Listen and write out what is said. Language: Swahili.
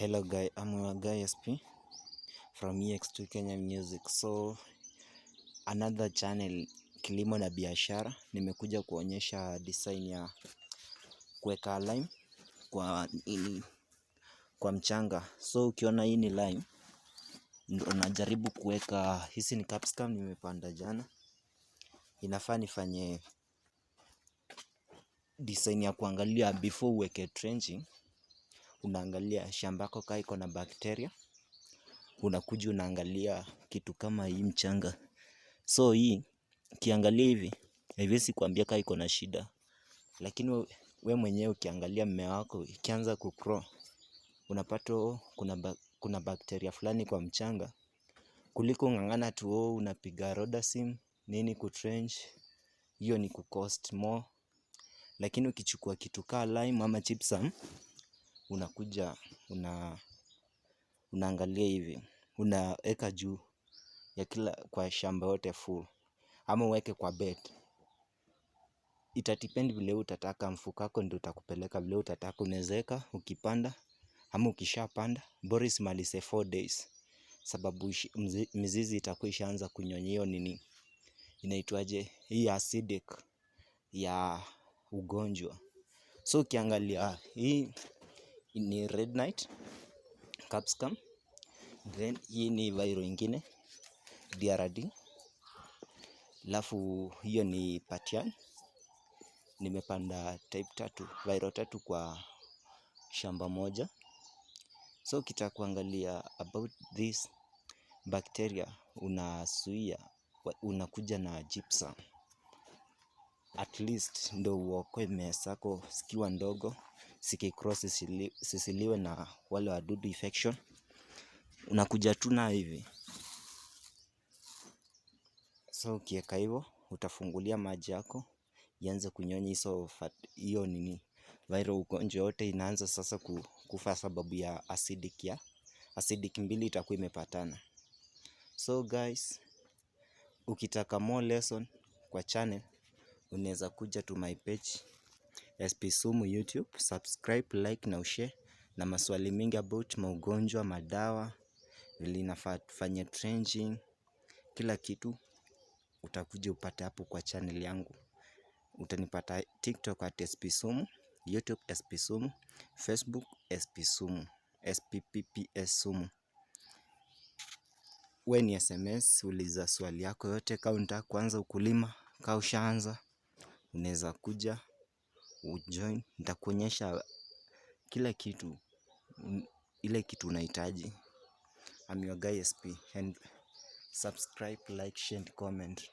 Hello guy, I'm your guy SP from EX2 Kenya Music. So another channel kilimo na biashara, nimekuja kuonyesha design ya kuweka lime kwa ili, kwa mchanga. So ukiona hii ni lime, najaribu kuweka hizi ni capsicum nimepanda jana, inafaa nifanye design ya kuangalia before uweke trenching unaangalia shamba yako kama iko na bakteria, unakuja unaangalia kitu kama hii mchanga. So hii ukiangalia hivi haiwezi kuambia kama iko na shida, lakini we mwenyewe ukiangalia mmea wako ikianza ku unapata oh, kuna kuna bakteria fulani kwa mchanga, kuliko ung'ang'ana tu oh, unapiga rodasim nini kutrench, hiyo ni kucost more. Lakini ukichukua kitu kama lime ama gypsum unakuja, unaangalia hivi, unaweka juu ya kila kwa shamba yote full ama uweke kwa bed itatipendi vile utataka mfuko wako ndio utakupeleka vile utataka unaeza ukipanda ama ukishapanda bora isimalize four days sababu mizizi itakuwa ishaanza kunyonya hiyo nini inaitwaje hii acidic ya ugonjwa so ukiangalia hii ni red knight, capsicum, then hii ni viral ingine DRD, alafu hiyo ni patian. Nimepanda type tatu viral tatu kwa shamba moja. So ukitaka kuangalia about this bacteria, unasuia unakuja na gypsum at least ndo uokoe mimea zako zikiwa ndogo sikikross sisiliwe na wale wadudu infection. Unakuja tu na hivi so ukiweka hivyo, utafungulia maji yako ianze kunyonya hizo hiyo nini viral ugonjwa yote inaanza sasa kufa sababu ya acidic ya acidic mbili itakuwa imepatana. So guys, ukitaka more lesson kwa channel unaweza kuja to my page. SP Sumu YouTube, subscribe, like na ushare, na maswali mingi about maugonjwa, madawa, vile inafanya trending, kila kitu utakuja upate hapo kwa channel yangu. Utanipata TikTok at SP Sumu, YouTube SP Sumu, Facebook SP Sumu, SPPPS Sumu. We ni SMS, uliza swali yako yote, kama unataka kuanza ukulima, kama ushaanza unaweza kuja ujoin, nitakuonyesha kila kitu, ile kitu unahitaji. I'm your guy SP and subscribe, like, share and comment.